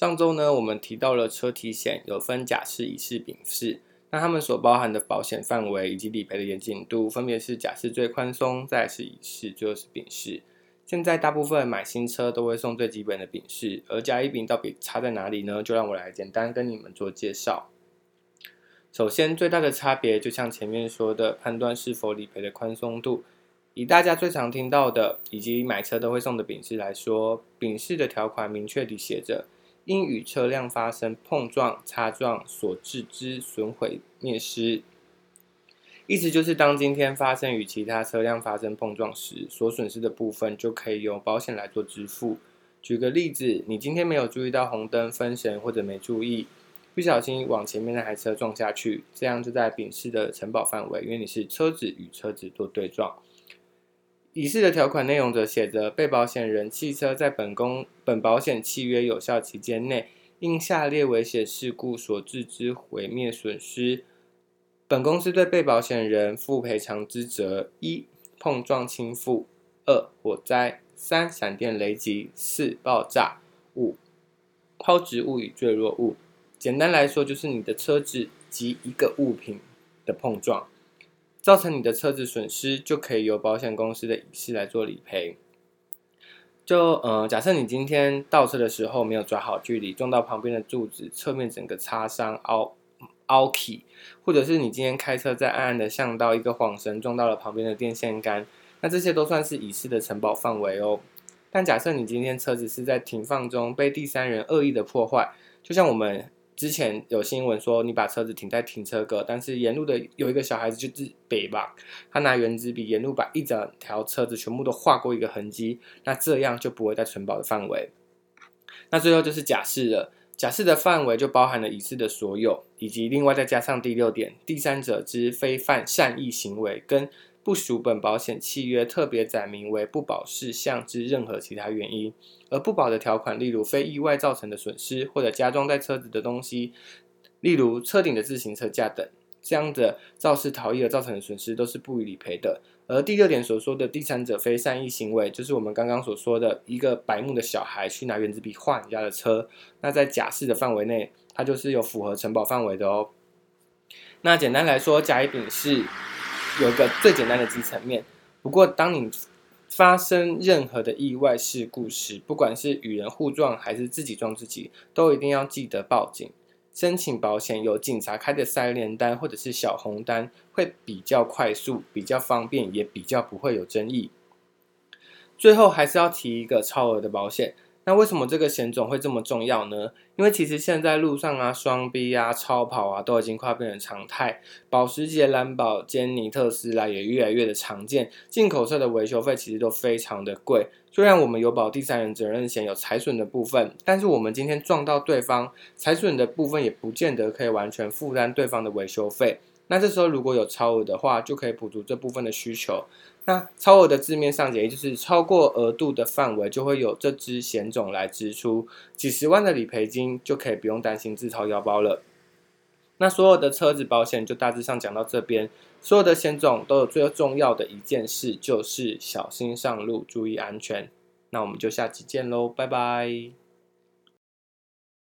上週呢，我們提到了車體險有分甲式、乙式、丙式，那他們所包含的保險範圍以及理賠的嚴謹度，分別是甲式最寬鬆，再來是乙式，最後是丙式。現在大部分買新車都會送最基本的丙式，而甲乙丙到底差在哪裡呢？就讓我來簡單跟你們做介紹。首先，最大的差別就像前面說的，判斷是否理賠的寬鬆度。以大家最常聽到的以及買車都會送的丙式來說，丙式的條款明確地寫着，因與車輛發生碰撞、擦撞所致之損毀滅失，意思就是當今天發生與其他車輛發生碰撞時，所損失的部分就可以用保險來做支付。舉個例子，你今天沒有注意到紅燈分神，或者沒注意，不小心往前面那台車撞下去，這樣就在丙式的承保範圍，因為你是車子與車子做對撞。乙式的條款內容則寫着：“被保險人汽車在本公本保險契約有效期間內，因下列危險事故所致之毀滅損失，本公司對被保險人負賠償之責：一、碰撞傾覆。二、火災；三、閃電雷擊；四、爆炸；五、拋擲物與墜落物。”簡單來說，就是你的車子及一個物品的碰撞。造成你的車子損失，就可以由保險公司的乙式來做理賠。就嗯、呃，假設你今天倒車的時候沒有抓好距離，撞到旁邊的柱子，側面整個擦傷凹凹起，或者是你今天開車在暗暗的巷道，一個晃神撞到了旁邊的電線桿，那這些都算是乙式的承保範圍哦。但假設你今天車子是在停放中被第三人惡意的破壞，就像我們。之前有新聞說，你把車子停在停車格，但是沿路的有一個小孩子就是筆吧，他拿原子筆沿路把一整條車子全部都劃過一個痕跡，那這樣就不會在承保的範圍。那最後就是甲式了，甲式的範圍就包含了以上的所有，以及另外再加上第六點，第三者之非犯善意行為跟。不屬本保險契約特別載明為不保事項之任何其他原因，而不保的條款，例如非意外造成的損失，或者加裝在車子的東西，例如車頂的自行車架等，這樣的肇事逃逸而造成的損失都是不予理賠的。而第六點所說的第三者非善意行為，就是我們剛剛所說的，一個白目的小孩去拿原子筆畫人家的車，那在甲式的範圍內，它就是有符合承保範圍的哦。那簡單來說，甲乙丙式，有一個最簡單的基層面，不過當你發生任何的意外事故時，不管是與人互撞還是自己撞自己，都一定要記得報警、申請保險。有警察開的三聯單或者是小紅單，會比較快速、比較方便，也比較不會有爭議。最後還是要提一個超額的保險。那為什麼這個險種會這麼重要呢？因為其實現在路上啊，雙 B 啊，超跑啊，都已經快變成常態，保時捷、藍寶堅尼、特斯拉啊，也越來越的常見，進口車的維修費其實都非常的貴。雖然我們有保第三人責任險有財損的部分，但是我們今天撞到對方，財損的部分也不見得可以完全負擔對方的維修費。那這時候如果有超額的話，就可以補足這部分的需求。那超額的字面上解釋，就是超過額度的範圍，就會有這支險種來支出。幾十萬的理賠金就可以不用擔心自掏腰包了。那所有的車子保險就大致上講到這邊，所有的險種都有最重要的一件事，就是小心上路，注意安全。那我們就下期見嘍，拜拜。